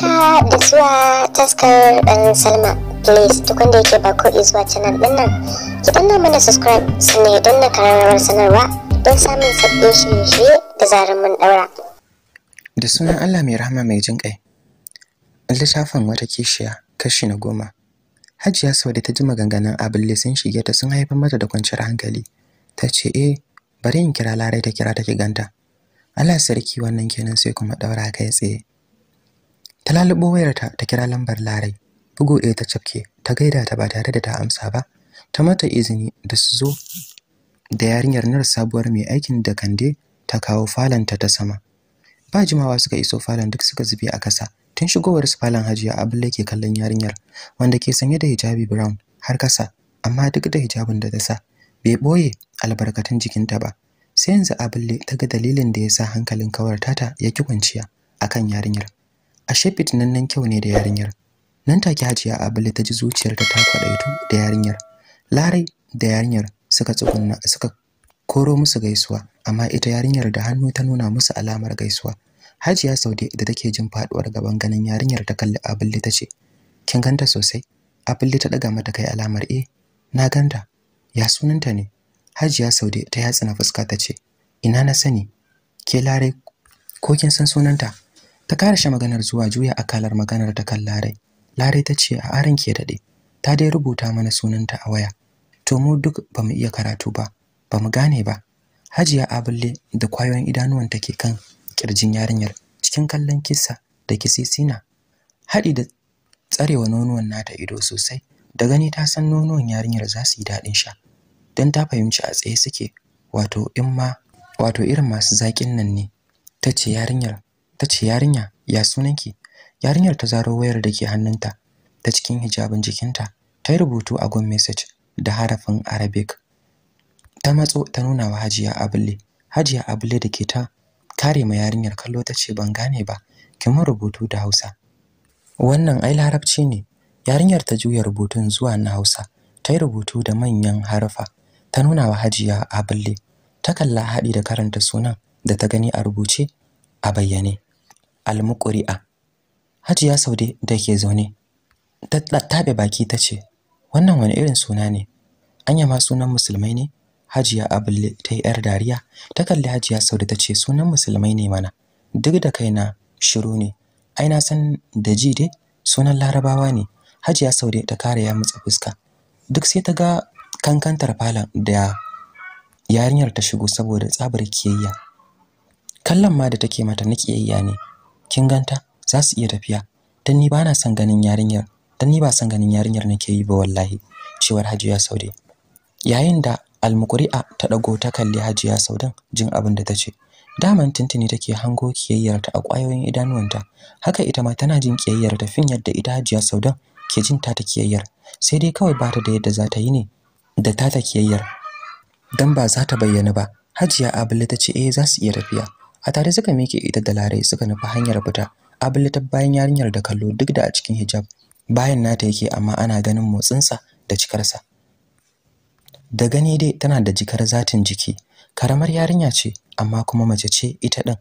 haka da zuwa taskar dan salma please duk wanda yake ba ko zuwa canal din nan ki danna mana subscribe sannan ya danna karamar sanarwa don samun sabbin shirye-shirye da zarar mun daura da sunan allah mai rahama mai jin kai littafin wata kishiya kashi na goma hajiya sau da ta ji maganganun abin sun shige ta sun haifar mata da kwanciyar hankali ta ce eh bari in kira larai ta kira ta ki ganta allah sarki wannan kenan sai kuma daura kai tsaye ta lalubo wayarta ta kira lambar larai bugu ɗaya ta cafke ta gaida ta ba tare da ta amsa ba ta mata izini da su zo da yarinyar nar sabuwar mai aikin da kande ta kawo falanta ta sama ba jimawa suka iso falon duk suka zube a kasa tun shigowar su falon hajiya abdullahi ke kallon yarinyar wanda ke sanye da hijabi brown har kasa amma duk da hijabin da ta sa bai boye albarkatun jikinta ba sai yanzu abulle ta ga dalilin da ya sa hankalin kawar tata ya ki kwanciya akan yarinyar ashe fitinannen kyau ne da yarinyar nan take hajiya abule ta ji zuciyarta ta kwadaitu da yarinyar larai da yarinyar suka tsugunna suka koro musu gaisuwa amma ita yarinyar da hannu ta nuna musu alamar gaisuwa hajiya saude da take jin faduwar gaban ganin yarinyar ta kalli abule ta ce kin ganta sosai abule ta daga mata kai alamar eh na ganta ya sunanta ne hajiya saude ta yatsa na fuska ta ce ina na sani ke larai ko kin san sunanta ta karshe maganar zuwa juya akalar maganar ta kan Larai Larai ta ce a aran ke dade ta dai rubuta mana sunanta a waya to mu duk bamu iya karatu ba bamu gane ba Hajiya Abulle da kwayoyin idanuwan take kan kirjin yarinyar cikin kallon kissa da kisisina haɗi da tsarewa nonuwan nata ido sosai da gani ta san nonuwan yarinyar za su yi daɗin sha don ta fahimci a tsaye suke wato in ma wato irin masu zaƙin nan ne ta ce yarinyar ta ce yarinya ya sunanki yarinyar ta zaro wayar da ke hannunta ta cikin hijabin jikinta ta yi rubutu a gun message da harafin arabic ta matso ta nuna wa hajiya abule hajiya abule da ke ta kare ma yarinyar kallo ta ce ban gane ba kin rubutu da hausa wannan ai larabci ne yarinyar ta juya rubutun zuwa na hausa ta yi rubutu da manyan harafa ta nuna wa hajiya abule ta kalla haɗi da karanta sunan da ta gani a rubuce a bayyane Almuƙuri'a. hajiya saude da ke zaune ta taɓe baki ta ce wannan wani irin suna ne anya ma sunan musulmai ne hajiya abulle ta yi yar dariya ta kalli hajiya saude ta ce sunan musulmai ne mana duk da kaina shiru ne ai na san da ji dai sunan larabawa ne hajiya saude ta kare ya mutsa fuska duk sai ta ga kankantar falon da yarinyar ta shigo saboda tsabar kiyayya kallon ma da take mata na kiyayya ne kin ganta za su iya tafiya dan ni na son ganin yarinyar dan ni ba son ganin yarinyar nake yi ba wallahi cewar Hajiya Saude yayin da almukuri'a ta dago ta kalli Hajiya Saudan jin abin da ce. daman tintini take hango kiyayyar ta a kwayoyin idanuwanta haka ita ma tana jin kiyayyar ta fin yadda ita Hajiya Saudan ke jin ta ta kiyayyar sai dai kawai ba ta da yadda za ta yi ne da ta ta kiyayyar dan ba za ta bayyana ba Hajiya Abule ta ce eh za su iya tafiya a tare suka miƙe ita da larai suka nufi hanyar fita abulita bayan yarinyar da kallo duk da a cikin hijab bayan nata yake amma ana ganin motsinsa da cikarsa da gani dai tana da jikar zatin jiki karamar yarinya ce amma kuma mace ce ita din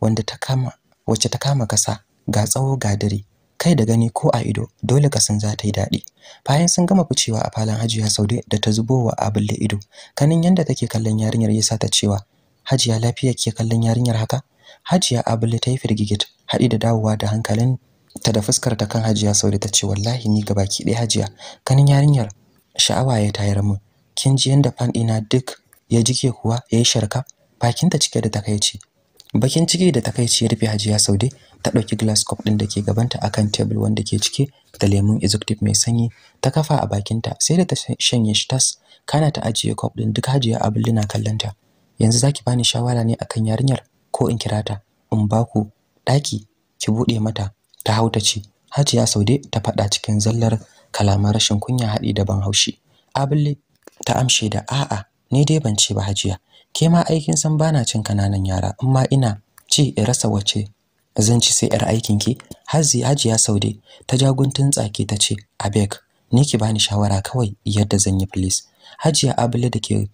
wanda ta kama wacce ta kama kasa ga tsawo ga dare kai da gani ko a ido dole ka san za ta yi daɗi bayan sun gama ficewa a falon hajiya saude da ta zubo wa abin ido kanin yadda take kallon yarinyar ya sa ta cewa Hajiya lafiya ke kallon yarinyar haka? Hajiya Abule ta yi firgigit, haɗi da dawowa da hankalin ta da fuskar ta kan Hajiya Saude ta ce wallahi ni baki ɗaya Hajiya, kanin yarinyar sha'awa ya tayar mu. Kin ji yanda fan ɗina duk ya jike kuwa ya yi sharka? Bakinta cike da takaici. Bakin ciki da takaici ya rufe Hajiya Saude ta ɗauki glass cup ɗin da ke gabanta akan tebul wanda ke cike da lemun executive mai sanyi ta kafa a bakinta sai da ta shanye shi tas kana ta ajiye cup ɗin duk Hajiya Abule na ta yanzu zaki bani shawara ne akan yarinyar ko in kira ta in ba ku daki ki bude mata ta hauta ce Hajiya Saude ta faɗa cikin zallar kalaman rashin kunya haɗi da ban haushi abulle ta amshe da a'a ni dai ban ce ba Hajiya ke ma aikin san bana cin kananan yara amma ina ci in rasa wace zan ci sai yar aikin ki Hazi Hajiya Saude ta jaguntun tsake ta ce abek ni ki bani shawara kawai yadda zan yi please Hajiya abulle da ke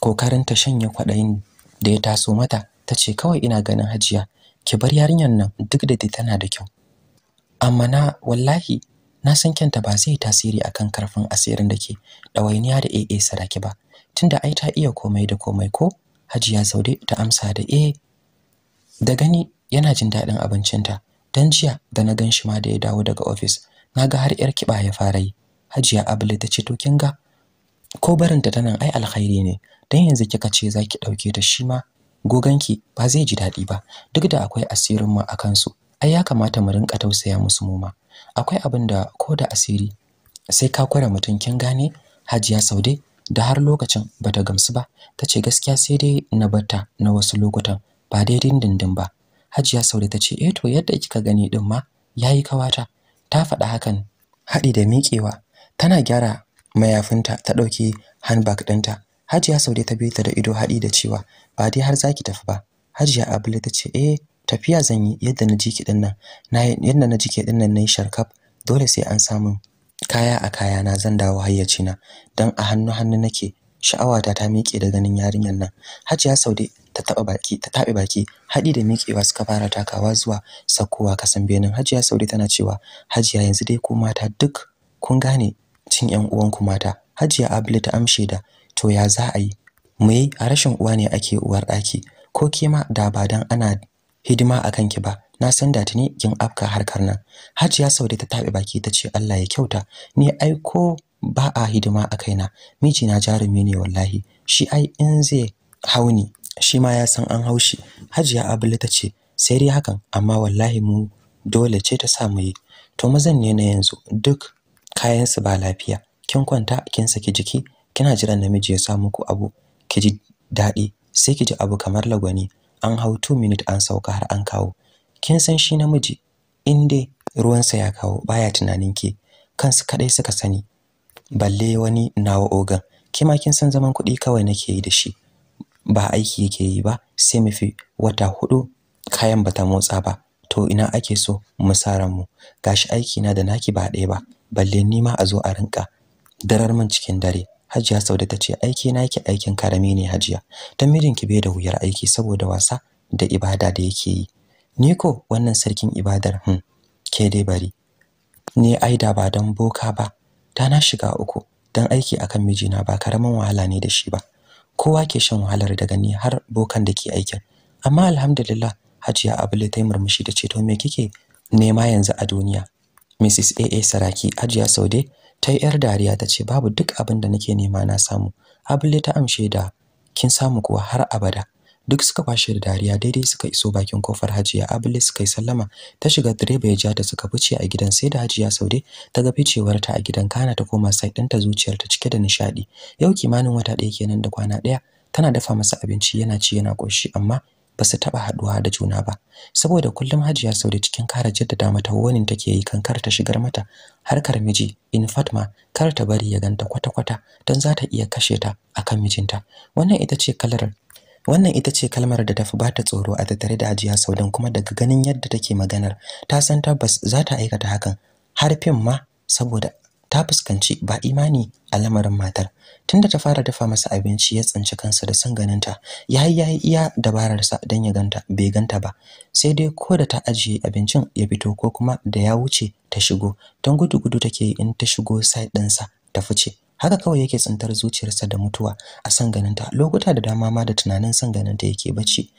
kokarin ta shanye kwaɗayin da ya taso mata ta ce kawai ina ganin hajiya ki bar yarinyar nan duk da ta tana da kyau amma na wallahi na san kyanta ba zai tasiri akan karfin asirin da ke ɗawainiya da AA saraki ba tunda ai ta iya komai da komai ko hajiya zaude ta amsa da eh da gani yana jin daɗin abincinta don jiya da na gan shi ma da ya dawo daga ofis na ga har yar kiba ya fara yi hajiya abule ta ce to kin ga ko barinta ta tana ai alkhairi ne dan yanzu kika ce zaki dauke ta shi ma goganki ba zai ji daɗi ba duk da akwai asirin mu akan su ai ya kamata mu rinka tausaya musu mu ma akwai abin da ko da asiri sai ka kware mutum kin gane Hajiya Saude da har lokacin bata gamsu ba tace gaskiya sai dai na bata na wasu lokutan ba dai dindindin ba Hajiya Saude tace eh to yadda kika gani din ma yayi kawata ta faɗa hakan haɗi da miƙewa tana gyara mayafinta ta ɗauki handbag ɗinta hajiya saude ta bita ta da ido haɗi da cewa ba dai har zaki tafi ba hajiya abule ta ce eh tafiya zan yi yadda na ji ki dinnan na yadda na ji ki dinnan nayi sharkaf dole sai an samu kaya a kaya na zan dawo hayyaci na dan a hannu hannu nake sha'awata ta miƙe da ganin yarinyar nan hajiya saude ta taba baki ta tabe baki haɗi da miƙewa suka fara takawa zuwa sakkowa kasan benin hajiya saude tana cewa hajiya yanzu dai ko mata duk kun gane cin ƴan uwanku mata hajiya abli ta amshe da to ya za a yi mu yi a rashin uwa ne ake uwar ɗaki ko ke ma da ba dan ana hidima a kanki ba na san da tuni kin afka harkar nan hajiya saude ta tabe baki ta ce Allah ya kyauta ni ai ko ba a hidima a kaina miji na jarumi ne wallahi shi ai in zai hauni shi ma ya san an haushi hajiya abli ta ce sai dai hakan amma wallahi mu dole ce ta sa mu yi to mazan ne na yanzu duk Kayan su ba lafiya kin kwanta kin saki jiki kina jiran namiji ya sa muku abu ki ji daɗi sai ki ji abu kamar lagwani an hau 2 minute an sauka har an kawo kin san shi namiji Inde dai ruwansa ya kawo baya tunanin ki. kansu kadai suka sani balle wani nawa ogan kima kin san zaman kuɗi kawai nake yi da shi ba aiki yake yi ba sai mu fi wata hudu kayan bata motsa ba to ina ake so mu sa mu gashi aiki na da naki ba ɗaya ba balle ni ma a zo a rinka darar min cikin dare Hajiya Saude ta ce aiki na yake aikin karami ne Hajiya dan mijinki bai da wuyar aiki saboda wasa da ibada da yake yi ni ko wannan sarkin ibadar hmm ke dai bari ni ai da ba dan boka ba Ta na shiga uku dan aiki akan mijina ba karaman wahala ne da shi ba kowa ke shan wahalar daga ni har bokan da ke aikin amma alhamdulillah Hajiya Abule ta yi murmushi da ce to me kike nema yanzu a duniya Mrs. AA Saraki Ajiya Saude ta yi 'yar dariya ta ce babu duk abin da nake nema na samu. Abule ta amshe da kin samu kuwa har abada. Duk suka kwashe da dariya daidai suka iso bakin kofar Hajiya Abule suka yi sallama ta shiga direba ya ja ta suka fice a gidan sai da Hajiya Saude ta ga ficewar ta a gidan Kana ta koma site ɗinta zuciyar ta cike da nishadi. Yau kimanin wata ɗaya kenan da kwana ɗaya tana dafa masa abinci yana ci yana ƙoshi amma ba su taɓa haɗuwa da juna ba saboda kullum hajiya da cikin kara jaddada mata wani take yi kan kar ta shigar mata harkar miji in fatma kar ta bari ya ganta kwata-kwata don za ta iya kashe ta akan mijinta wannan ita ce kalar wannan ita ce kalmar da tafi bata tsoro a tattare da hajiya sau don kuma daga ganin yadda take maganar ta san tabbas za ta aikata hakan har fim ma saboda ta fuskanci ba imani a lamarin matar tunda ta fara dafa masa abinci ya tsinci kansa da son ganinta ya yi yayi iya dabararsa don ya ganta bai ganta ba sai dai ko da ta ajiye abincin ya fito ko kuma da ya wuce ta shigo don gudu gudu take yi in ta shigo sai ɗinsa ta fice haka kawai yake tsintar zuciyarsa da mutuwa a son ganinta lokuta da dama ma da tunanin son ganinta yake bacci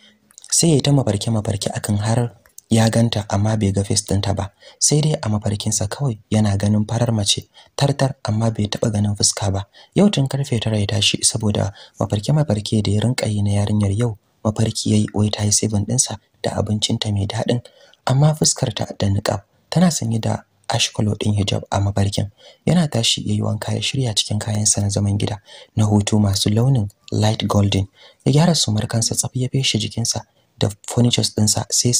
sai ya yi ta mafarke mafarke akan har ya ganta amma bai ga face ɗinta ba sai dai a mafarkinsa kawai yana ganin farar mace tartar amma bai taɓa ganin fuska ba yau tun karfe tara ya tashi saboda mafarki-mafarki da ya rinka yi na yarinyar yau mafarki yayi wai ta yi ɗinsa da abincin ta mai daɗin amma fuskar ta da niqab tana sanye da color ɗin hijab a mafarkin yana tashi yayi wanka ya shirya cikin kayansa na zaman gida na hutu masu launin light golden ya gyara sumar kansa tsaf ya feshe jikinsa da furniture ɗinsa sai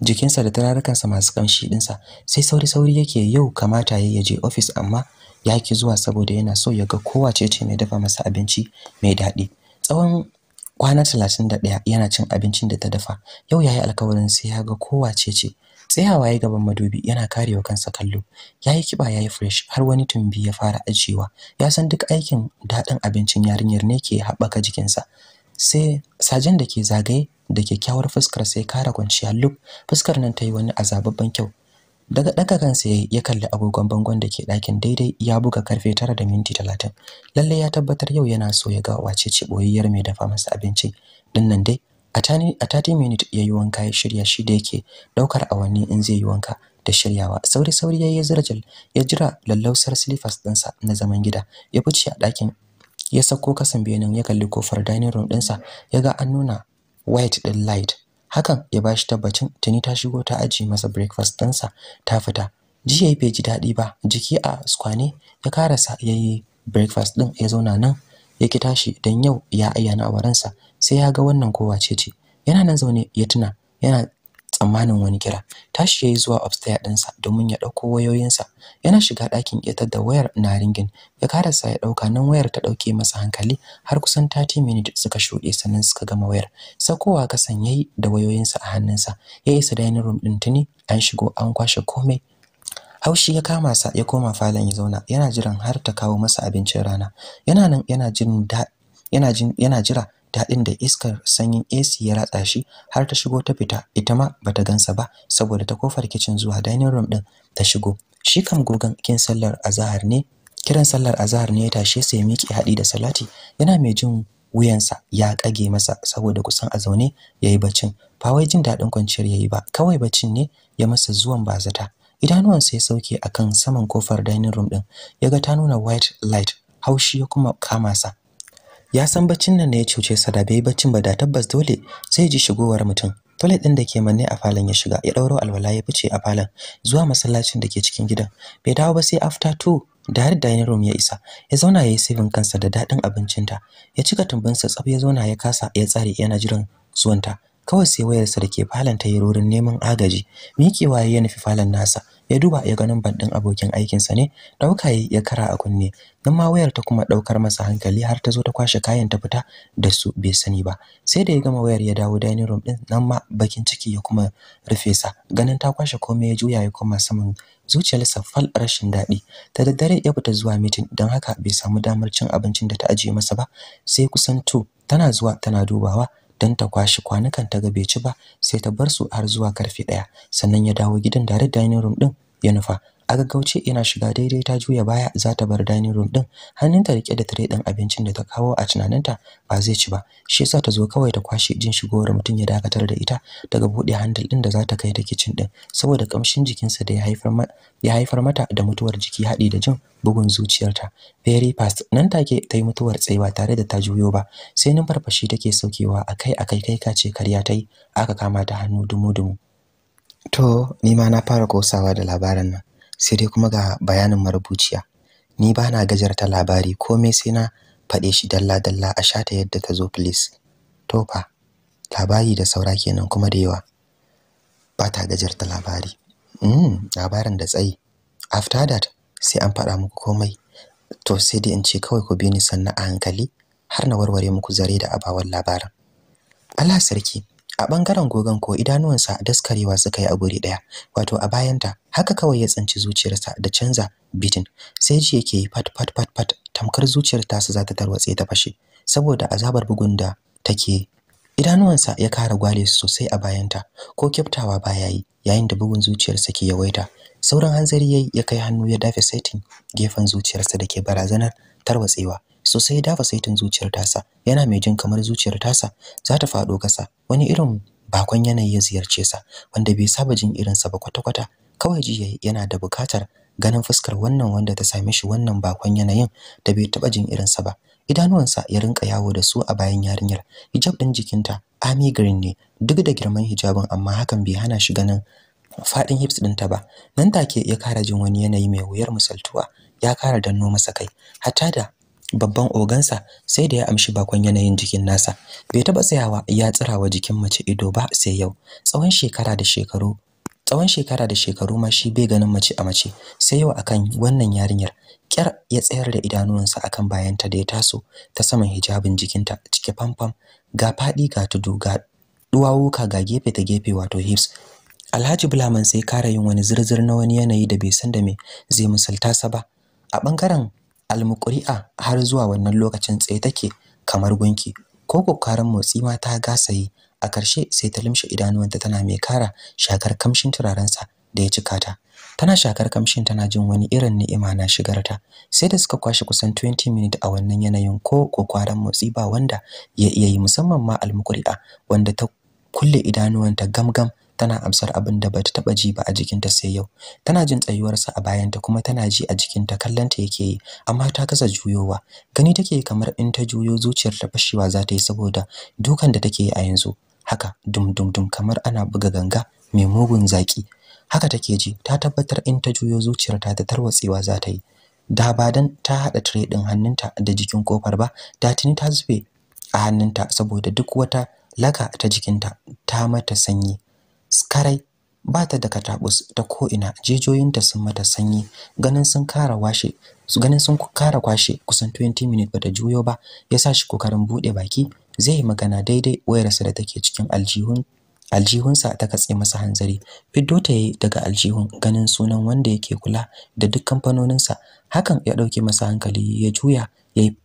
jikinsa da turarukansa masu kamshi dinsa sai sauri sauri yake yau kamata yayi ya je ofis amma ya ki zuwa saboda yana so ya ga kowace ce mai dafa masa abinci mai daɗi tsawon kwana 31 yana cin abincin da ta dafa yau yayi alkawarin sai ya ga kowace ce tsayawa ya gaban madubi yana karewa kansa kallo Ya yayi kiba yayi fresh har wani tumbi ya fara ajiyewa ya san duk aikin daɗin abincin yarinyar ne ke haɓaka jikinsa sai sajen da ke zagaye da kyakkyawar fuskar sai kara kwanciya lub fuskar nan ta yi wani azababban kyau daga daga kansa ya kalli agogon bangon da ke ɗakin daidai ya buga karfe tara da minti talatin lalle ya tabbatar yau yana so ya ga wace ce boyayyar mai dafa masa abinci din nan dai a tati minute ya yi wanka ya shirya shi da yake ɗaukar awanni in zai yi wanka da shiryawa sauri sauri ya yi zirjil ya jira lallausar silifas ɗinsa na zaman gida ya fice a ɗakin ya sako kasan benin ya kalli kofar dining room ɗinsa ya ga an nuna white din light hakan ya bashi tabbacin tuni ta shigo ta aji masa breakfast ɗinsa ta fita ji yayi bai ji daɗi ba jiki a skwane ya karasa ya yi breakfast ɗin ya zauna nan ya ki tashi dan yau ya ayyana a waransa sai ya ga wannan kowa ce ce yana nan zaune ya tuna yana tsammanin wani kira tashi yayi zuwa upstairs ɗinsa domin ya ɗauko wayoyinsa yana shiga ɗakin ƙetar da wayar na ringin ya karasa ya ɗauka nan wayar ta ɗauke masa hankali har kusan 30 minutes suka shuɗe sannan suka gama wayar sakowa kasan yayi da wayoyinsa a hannunsa ya isa dining room ɗin tuni an shigo an kwashe komai haushi ya kama sa ya koma falon ya zauna yana jiran har ta kawo masa abincin rana yana nan yana jin da yana jin yana jira daɗin da iskar sanyin AC ya ratsa shi har ta shigo ta fita ita ma bata gansa ba saboda ta kofar kicin zuwa dining room din ta shigo shi kam gogan kin sallar azahar ne kiran sallar azahar ne ya tashe sai miki haɗi da salati yana mai jin wuyansa ya kage masa saboda kusan a zaune yayi baccin ba wai jin daɗin kwanciyar yayi ba kawai baccin ne ya masa zuwan bazata idanuwansa ya sauke akan saman kofar dining room din yaga ta nuna white light haushi ya kuma kama sa ya san baccin nan ne ya cuce sa da bai baccin ba da tabbas dole sai ji shigowar mutum toilet din da ke manne a falon ya shiga ya dauro alwala ya fice a falon zuwa masallacin da ke cikin gidan bai dawo ba sai after two da har dining room ya isa ya zauna ya yi saving kansa da daɗin abincinta ya cika tumbinsa tsaf ya zauna ya kasa ya tsare yana jiran zuwanta kawai sai wayarsa da ke falon ta yi wurin neman agaji miƙewa ya nufi falon nasa ya duba ya ganin bandin abokin aikinsa ne dauka ya kara a kunne nan ma wayar ta kuma daukar masa hankali har ta zo ta kwashe kayan ta fita da su bai sani ba sai da ya gama wayar ya dawo dining room din nan ma bakin ciki ya kuma rufe sa ganin ta kwashe komai ya juya ya kuma saman zuciyarsa fal rashin daɗi ta daddare ya fita zuwa mitin don haka bai samu damar cin abincin da ta ajiye masa ba sai kusan to tana zuwa tana dubawa dan ta kwashi kwanukan ta ga bai ci ba sai ta bar su har zuwa karfe ɗaya sannan ya dawo gidan dare dining room din ya nufa a gaggauce ina shiga daidai ta juya baya za ta bar dining room din ta rike da tire din abincin da ta kawo a tunaninta ba zai ci ba shi yasa ta zo kawai ta kwashe jin shigowar mutum ya dakatar da ita daga bude handle din da za ta kai ta kitchen din saboda kamshin jikinsa da ya haifar ya haifar mata da mutuwar jiki haɗi da jin bugun zuciyarta very fast nan take ta yi mutuwar tsaye tare da ta juyo ba sai farfashi take saukewa akai akai kai ka ce karya ta yi aka kama ta hannu dumu dumu to ni ma na fara kosawa da labaran nan sai dai kuma ga bayanin marubuciya ni ba na gajarta labari komai sai na faɗe shi dalla-dalla a shata yadda ta zo please to fa labari da saura kenan kuma da yawa ba ta gajarta labari mm, labarin da tsayi after that sai an faɗa muku komai to sai dai in ce kawai ku bi ni sannan a hankali har na warware muku zare da abawan labarin Allah sarki a bangaren gogon ko idanuwansa daskarewa suka yi a guri daya wato a bayanta haka kawai ya tsinci zuciyarsa da canza bitin sai ji yake yi fat fat fat fat tamkar zuciyar tasa za ta tarwatse ta fashe saboda azabar bugun da take idanuwansa ya kara gwale sosai a bayanta ko kyaftawa baya yi yayin da bugun zuciyarsa ke yawaita sauran hanzari yayi ya kai hannu ya dafe saitin gefen zuciyarsa da ke barazanar tarwatsewa sosai sai dafa saitin zuciyar tasa yana mai jin kamar zuciyar tasa za ta faɗo kasa wani irin bakon yanayi ya ziyarce sa wanda bai saba jin irinsa ba kwata-kwata kawai ji yana da bukatar ganin fuskar wannan wanda ta same shi wannan bakon yanayin da bai taba jin irinsa ba idanuwansa ya rinka yawo da su a bayan yarinyar hijab din jikinta army green ne duk da girman hijabin amma hakan bai hana shi ganin fadin hips ɗinta ba nan take ya kara jin wani yanayi mai wuyar misaltuwa ya kara danno masa kai hatta da babban ogansa sai da ya amshi bakon yanayin jikin nasa bai taba tsayawa ya tsirawa jikin mace ido ba sai yau tsawon shekara da shekaru tsawon shekara da shekaru ma shi bai ganin mace a mace sai yau akan wannan yarinyar kyar ya tsayar da idanuwansa akan bayanta da ya taso ta saman hijabin jikinta cike famfam ga fadi ga tudu ga duwawuka ga gefe ta gefe wato hips Alhaji Bulaman sai kara yin wani zirzir na wani yanayi da bai san da me zai misalta sa ba a bangaren Almuƙuri'a har zuwa wannan lokacin tsaye take kamar gunki ko kokarin motsi ma ta gasa yi a ƙarshe sai ta limshe idanuwanta tana mai kara shakar kamshin turarensa da ya cika ta tana shakar kamshin tana jin wani irin ni'ima na shigar ta sai da suka kwashe kusan 20 minutes a wannan yanayin ko kokarin motsi ba wanda ya iya yi musamman ma almuƙuri'a wanda ta kulle idanuwanta gamgam tana amsar abin da bata taba ji ba a jikinta sai yau tana jin tsayuwarsa a bayanta kuma tana ji a jikinta kallanta yake yi amma ta kasa juyowa gani take kamar in ta juyo zuciyar ta fashewa za ta yi saboda dukan da take yi a yanzu haka dum dum dum kamar ana buga ganga mai mugun zaki haka take ji ta tabbatar in ta juyo zuciyar ta ta tarwatsewa za ta yi da ba dan ta hada tire din hannunta da jikin kofar ba da tuni ta zube a hannunta saboda duk wata laka ta jikinta ta mata sanyi skarai ba ta da katabus ta ko'ina jejoyinta sun mata sanyi ganin sun kara washe su ganin sun kara kwashe kusan 20 minutes bata juyo ba ya sa shi kokarin bude baki zai yi magana daidai wayarsa da take cikin aljihun aljihunsa ta katse masa hanzari fiddo ta yi daga aljihun ganin sunan wanda yake kula da duk kamfanoninsa hakan ya dauke masa hankali ya juya ya yi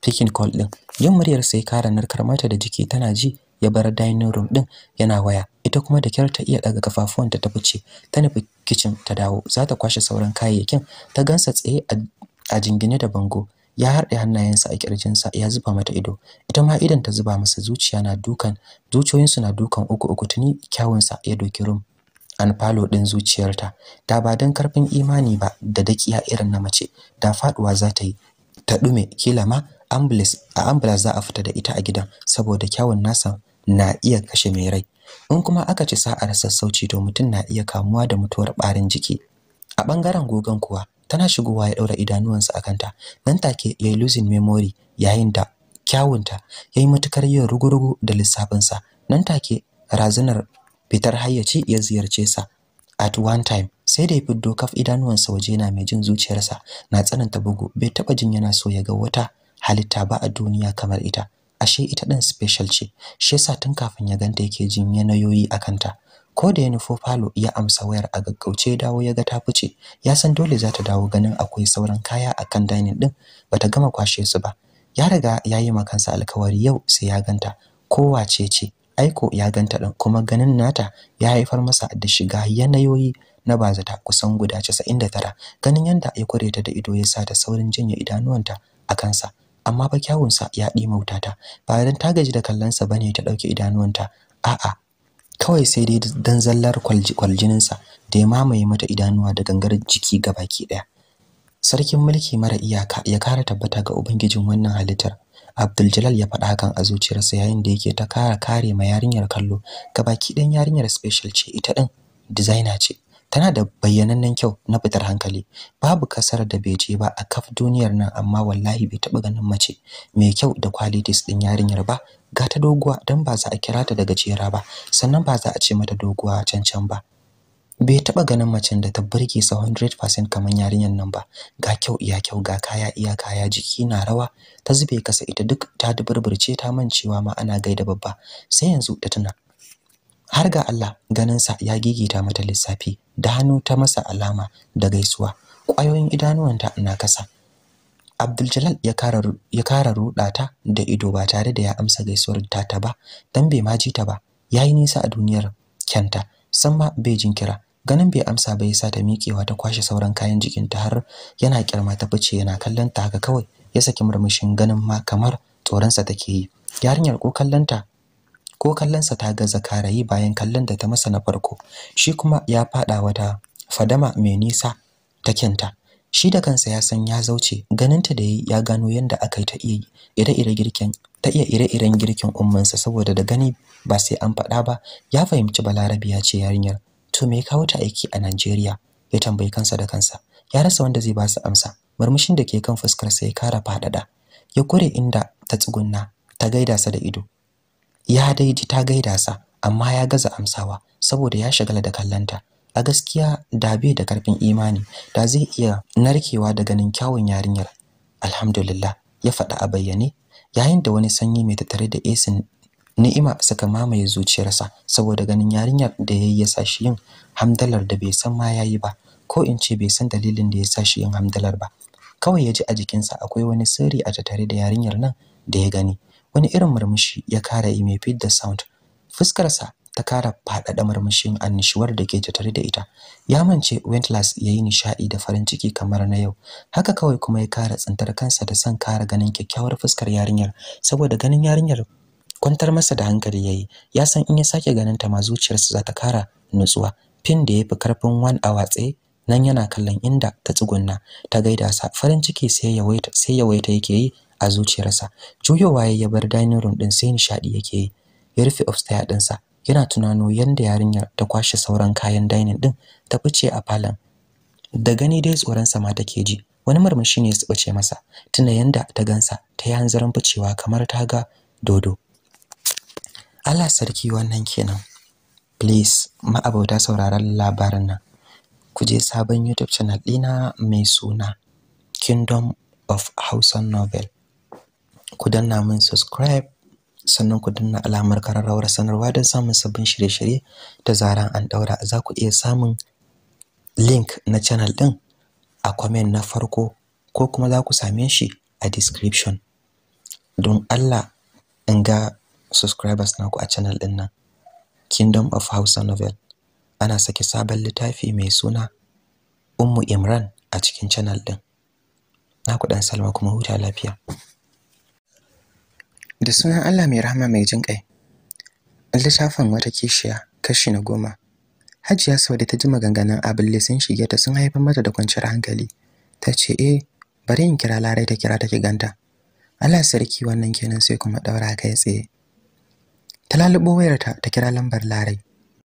picking call din yin muryar sai kara narkar mata da jiki tana ji ya bar dining room din yana waya ita kuma da kyar ta iya daga kafafuwanta ta fice ta nufi kitchen ta dawo za ta kwashe sauran kayayyakin ta gansa tsaye a jingine da bango ya harɗe hannayensa a kirjinsa ya zuba mata ido ita ma idan ta zuba masa zuciya na dukan zuciyoyinsu na dukan uku uku tuni kyawunsa ya doki room an falo din zuciyarta da ba dan karfin imani ba da dakiya irin na mace da faduwa za ta yi ta dume kila ma ambulance a ambulance za a fita da ita a gidan saboda kyawun nasa na iya kashe mai rai in kuma aka ci sa'ar sassauci to mutum na iya kamuwa da mutuwar ɓarin jiki a bangaren gogon kuwa tana shigowa ya daura idanuwansa a kanta nan take ya yi losing memory yayin da kyawunta ya yi matukar yin rugurugu da lissafinsa nan take razunar fitar hayyaci ya ziyarce sa at one time sai da ya fiddo kaf idanuwansa waje na mai jin zuciyarsa na tsananta bugu bai taba jin yana so ya ga wata halitta ba a duniya kamar ita ashe ita din special ce shi yasa tun kafin ya ganta yake jin yanayoyi a kanta ko da ya nufo falo ya amsa wayar a gaggauce dawo ya ga ta fice ya san dole za ta dawo ganin akwai sauran kaya akan kan dining din bata gama kwashe su ba ya riga ya yi makansa alkawari yau sai ya ganta kowace ce aiko ya ganta din kuma ganin nata ya haifar masa da shiga yanayoyi na bazata kusan guda 99 ganin yanda ya kure ta da ido ya sa ta saurin janye idanuwanta a kansa amma ba kyawunsa ya ɗimauta ta ba dan ta gaji da kallonsa bane ta ɗauke idanuwanta a'a kawai sai dai dan zallar kwaljininsa da ya mamaye mata idanuwa da gangar jiki ga baki ɗaya sarkin mulki mara iyaka ya kara tabbata ga ubangijin wannan halittar Abdul Jalal ya faɗa hakan a zuciyarsa yayin da yake ta kara kare ma yarinyar kallo Ga baki ɗayan yarinyar special ce ita ɗin designer ce tana da bayyanannen kyau na fitar hankali babu kasar da bai je ba a kaf duniyar nan amma wallahi bai taba ganin mace mai kyau da qualities din yarinyar ba ga ta doguwa dan ba za a kira ta daga jera ba sannan ba za a ce mata doguwa cancan ba bai taba ganin macen da ta burge sa 100% kamar yarinyar nan ba ga kyau iya kyau ga kaya iya kaya jiki na rawa ta zube kasa ita duk ta duburburce ta mancewa ma ana gaida babba sai yanzu ta tuna har ga Allah ganinsa ya gigita mata lissafi da hannu ta masa alama da gaisuwa ƙwayoyin idanuwanta na kasa Abduljalal ya kara ta da ido ba tare da ya amsa gaisuwar ta ta ba dan bai ma ji ta ba yayi nisa a duniyar kyanta san ma bai jinkira ganin bai amsa ba yasa ta miƙewa ta kwashe sauran kayan jikinta har yana kirma ta fice yana kallon ta haka kawai ya saki murmushin ganin ma kamar tsoronsa take yi yarinyar ko kallonta ko kallonsa ta gaza karayi bayan kallon da ta masa na farko shi kuma ya fada wata fadama mai nisa ta kyanta shi da kansa ya san ya zauce ganinta da ya gano yadda aka yi ta iya ire-ire girkin ta iya ire-iren girkin ummansa saboda da gani ba sai an faɗa ba ya fahimci balarabi ya ce yarinyar to me kawo ta aiki a najeriya ya tambayi kansa da kansa ya rasa wanda zai ba su amsa murmushin da ke kan fuskarsa ya kara faɗaɗa ya kure inda ta tsugunna ta gaida sa da ido ya daiji ta gaida sa amma ya gaza amsawa saboda ya shagala da kallanta a gaskiya da bai da karfin imani da zai iya narkewa da ganin kyawun yarinyar alhamdulillah ya faɗa a bayyane yayin da wani sanyi mai tattare da esin ni'ima suka mamaye zuciyarsa saboda ganin yarinyar da yayi ya sashi yin hamdalar da bai san ma yayi ba ko in ce bai san dalilin da ya sa shi yin hamdalar ba kawai ya ji a jikinsa akwai wani sirri a tattare da yarinyar nan da ya gani wani irin murmushi ya kara yi mai fit da sound fuskarsa ta kara faɗaɗa murmushin annishuwar da ke tattare da ita ya mance wentlass ya yi nishaɗi da farin ciki kamar na yau haka kawai kuma ya kara tsintar kansa da son kara ganin kyakkyawar fuskar yarinyar saboda ganin yarinyar kwantar masa da hankali ya yi ya san in ya sake ganin ta ma zuciyarsa za ta kara nutsuwa fin da ya fi karfin wan awa tsaye nan yana kallon inda ta tsugunna ta gaida sa farin ciki sai waita sai yawaita yake yi a zuciyarsa juyowa ya bar dining room din sai nishadi yake yi ya rufe upstairs ɗinsa yana tunano yanda yarinyar ta kwashe sauran kayan dining din ta fice a falon da gani dai tsoron sa ma take ji wani murmushi ne ya tsibace masa tuna yanda ta gansa ta yi hanzarin ficewa kamar ta ga dodo Allah sarki wannan kenan please ma'abauta sauraron labarin nan ku je sabon YouTube channel ɗina mai suna Kingdom of Hausa Novel ku danna min subscribe sannan ku danna alamar kararrawar sanarwa don samun sabbin shirye-shirye da zaran an daura za ku iya samun link na channel din a comment na farko ko kuma za ku same shi a description don Allah in ga subscribers naku a channel din nan Kingdom of Hausa Novel ana sake sabon littafi mai suna Ummu Imran a cikin channel din. Na ku dan Salma kuma huta lafiya. da sunan Allah mai rahama mai jin ƙai littafin wata kishiya kashi na goma hajiya da ta ji maganganun abin sun shige ta sun haifar mata da kwanciyar hankali ta ce eh bari in kira larai ta kira ta ki ganta Allah sarki wannan kenan sai kuma daura kai tsaye ta lalubo wayarta ta kira lambar larai